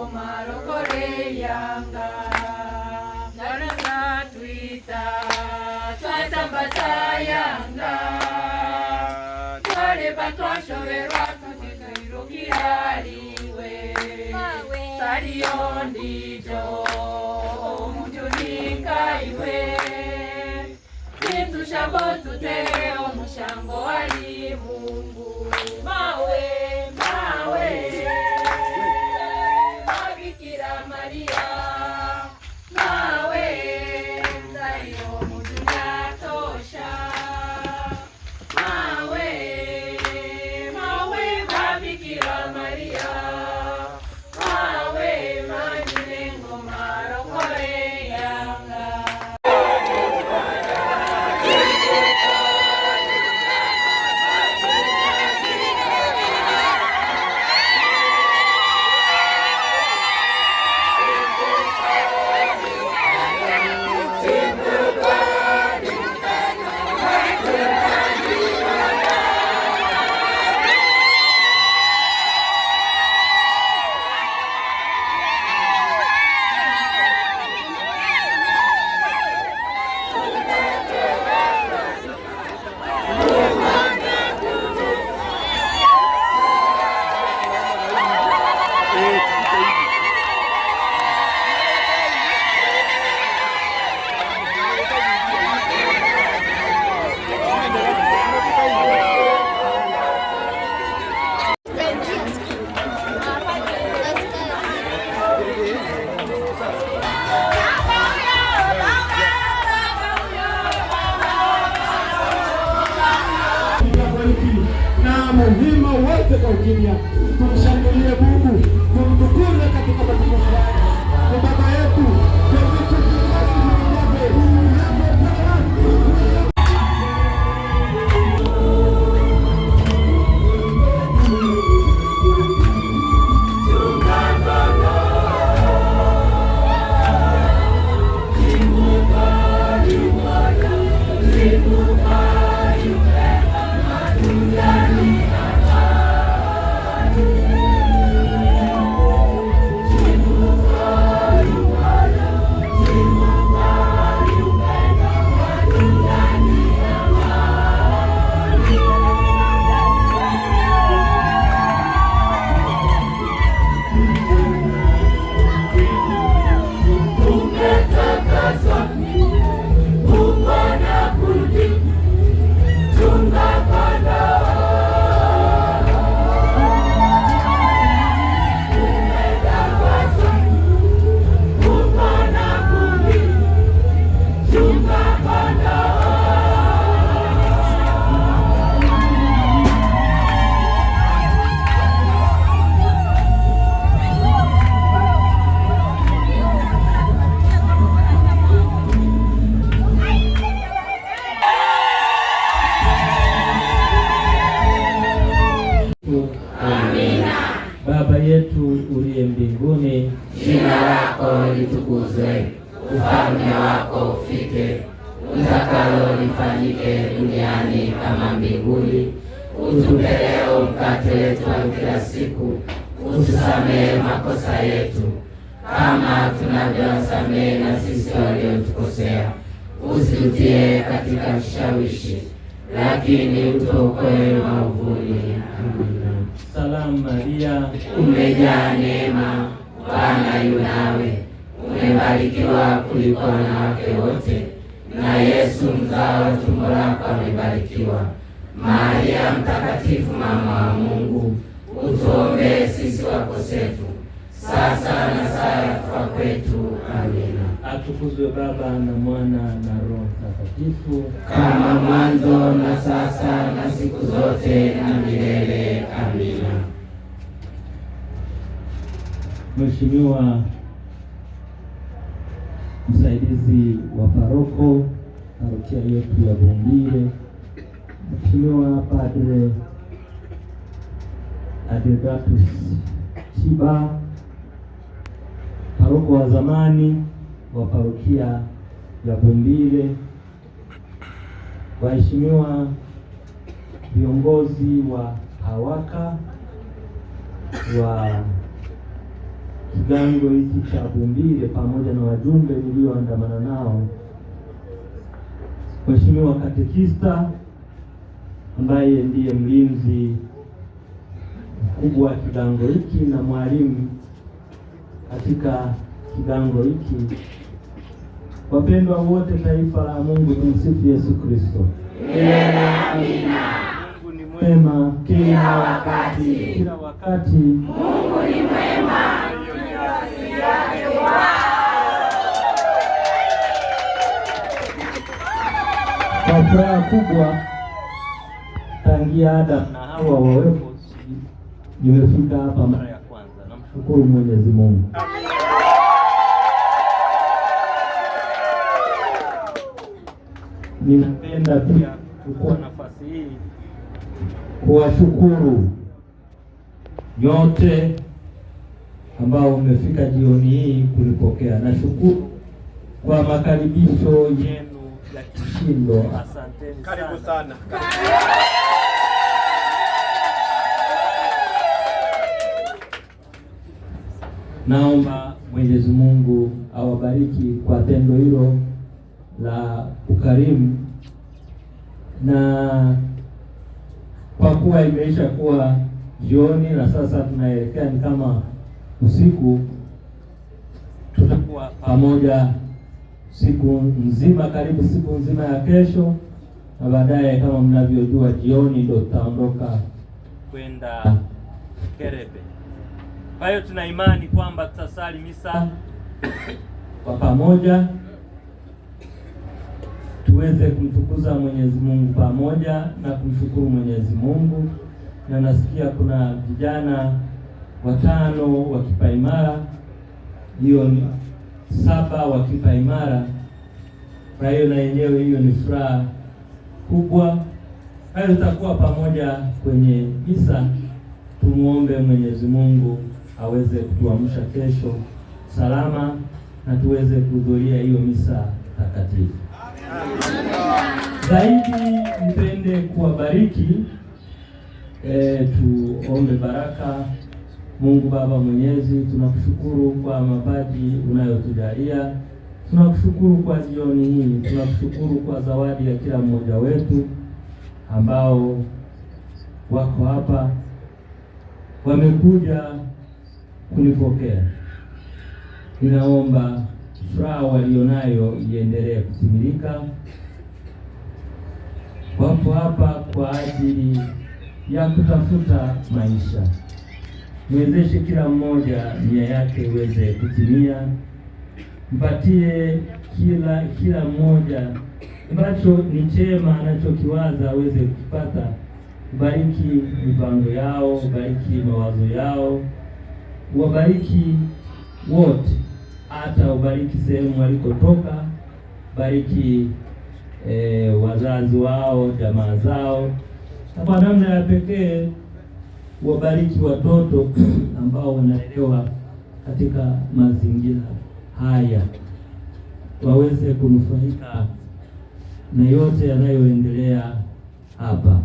omalokole yanga ngano zatwita twatambasa yanga twaleba twashoberwa tutitwirukihaliwe taliyo ndijo omuntu ninkaiwe kintu shabo omushango wali Yes, lako litukuzwe, ufalme wako ufike, utakalo lifanyike duniani kama mbinguni. Utupe leo mkate wetu wa kila siku, utusamehe makosa yetu kama tunavyowasamehe na sisi waliotukosea, usitutie katika mshawishi, lakini utuokoe maovuni. Amina. Salamu Maria, umejaa neema Bwana yu nawe, umebarikiwa kuliko wanawake wote, na Yesu mzao wa tumbo lako amebarikiwa. Maria Mtakatifu, mama wa Mungu, utuombee sisi wakosefu, sasa na saa ya kufa kwetu. Amina. Atukuzwe Baba na Mwana na Roho Mtakatifu, kama mwanzo na sasa na siku zote na milele. Amina. Mheshimiwa msaidizi wa paroko parokia yetu ya Bumbire, Mheshimiwa Padre Adegatus Chiba, paroko wa zamani wa parokia ya Bumbire, waheshimiwa viongozi wa hawaka wa kigango hiki cha Bumbire pamoja na wajumbe nilioandamana nao, Mheshimiwa Katekista ambaye ndiye mlinzi mkubwa wa kigango hiki na mwalimu katika kigango hiki, wapendwa wote, taifa la Mungu, tumsifu Yesu Kristo. amina. Mungu ni mwema kila wakati, kila wakati Mungu ni mwema. kwa furaha kubwa tangia Adam na Hawa wawepo, nimefika hapa mara ya kwanza. Namshukuru Mwenyezi Mungu. Ninapenda pia kuchukua nafasi hii kuwashukuru nyote ambao umefika jioni hii kulipokea Nashukuru kwa makaribisho yenu ya kishindo. Asanteni sana, karibu sana. Naomba Mwenyezi Mungu awabariki kwa tendo hilo la ukarimu, na kwa kuwa imeisha kuwa jioni na sasa tunaelekea ni kama usiku, tutakuwa pamoja siku nzima, karibu siku nzima ya kesho, na baadaye kama mnavyojua, jioni ndio tutaondoka kwenda Kerebe. Kwa hiyo tuna imani kwamba tutasali misa kwa pamoja tuweze kumtukuza Mwenyezi Mungu pamoja na kumshukuru Mwenyezi Mungu. Na nasikia kuna vijana watano wa kipaimara hiyo saba wakipa imara. Kwa hiyo na yenyewe hiyo ni furaha kubwa. Kwa hiyo tutakuwa pamoja kwenye misa. Tumuombe Mwenyezi Mungu aweze kutuamsha kesho salama na tuweze kuhudhuria hiyo misa takatifu. Zaidi nipende kuwabariki. E, tuombe baraka Mungu Baba Mwenyezi, tunakushukuru kwa mapaji unayotujalia, tunakushukuru kwa jioni hii, tunakushukuru kwa zawadi ya kila mmoja wetu ambao wako hapa, wamekuja kunipokea. Ninaomba furaha walionayo iendelee kutimilika. Wapo hapa kwa ajili ya kutafuta maisha mwezeshe kila mmoja nia yake iweze kutimia, mpatie kila kila mmoja ambacho ni chema anachokiwaza aweze kukipata. Ubariki mipango yao, ubariki mawazo yao, uwabariki wote, hata ubariki sehemu walikotoka, bariki eh, wazazi wao, jamaa zao, na kwa namna ya pekee wabariki watoto ambao wanalelewa katika mazingira haya, waweze kunufaika na yote yanayoendelea hapa.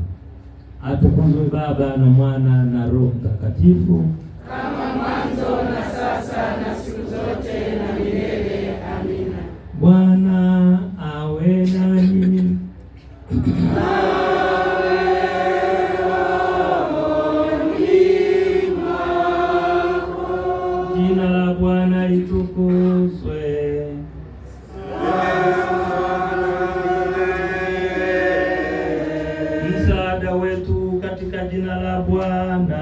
Atukuzwe Baba na Mwana na Roho Mtakatifu, kama mwanzo na sasa na siku zote na milele. Amina. Bwana awe nanyi. Bwana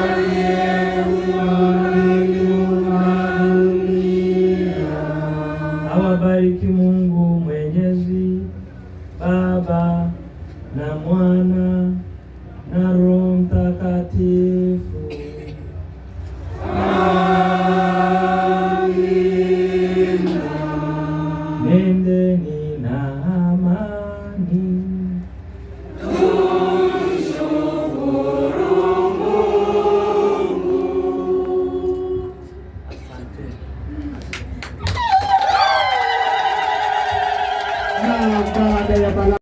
aliyeumba